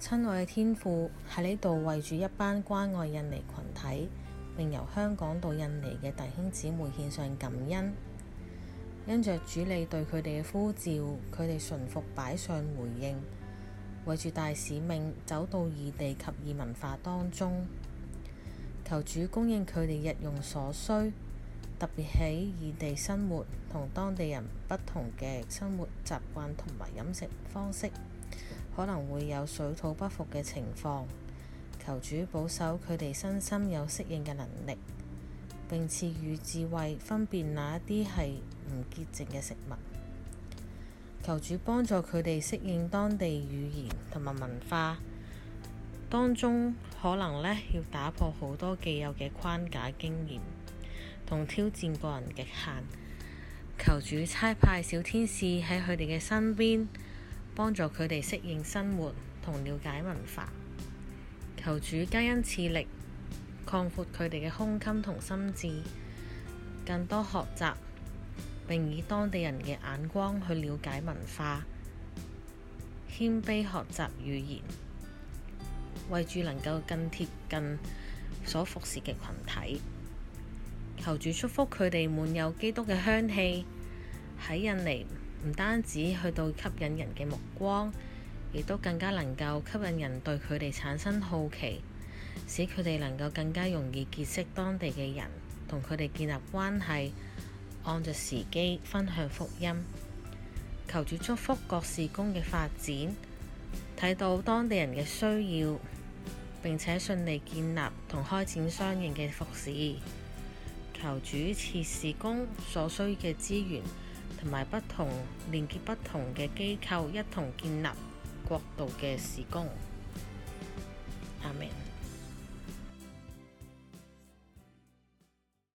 親愛嘅天父喺呢度為住一班關愛印尼群體，並由香港到印尼嘅弟兄姊妹獻上感恩。因着主理對佢哋嘅呼召，佢哋順服擺上回應，為住大使命走到異地及異文化當中，求主供應佢哋日用所需，特別喺異地生活同當地人不同嘅生活習慣同埋飲食方式。可能會有水土不服嘅情況，求主保守佢哋身心有適應嘅能力，並賜予智慧分辨哪一啲係唔潔淨嘅食物。求主幫助佢哋適應當地語言同埋文化，當中可能呢要打破好多既有嘅框架經驗，同挑戰個人極限。求主差派小天使喺佢哋嘅身邊。幫助佢哋適應生活同了解文化，求主加恩賜力，擴闊佢哋嘅胸襟同心智，更多學習，並以當地人嘅眼光去了解文化，謙卑學習語言，為住能夠更貼近所服侍嘅群體，求主祝福佢哋滿有基督嘅香氣喺印尼。唔單止去到吸引人嘅目光，亦都更加能夠吸引人對佢哋產生好奇，使佢哋能夠更加容易結識當地嘅人，同佢哋建立關係，按著時機分享福音，求主祝福各事工嘅發展，睇到當地人嘅需要，並且順利建立同開展相應嘅服侍，求主賜事工所需嘅資源。同埋不同，連結不同嘅機構，一同建立國度嘅時工。Amen.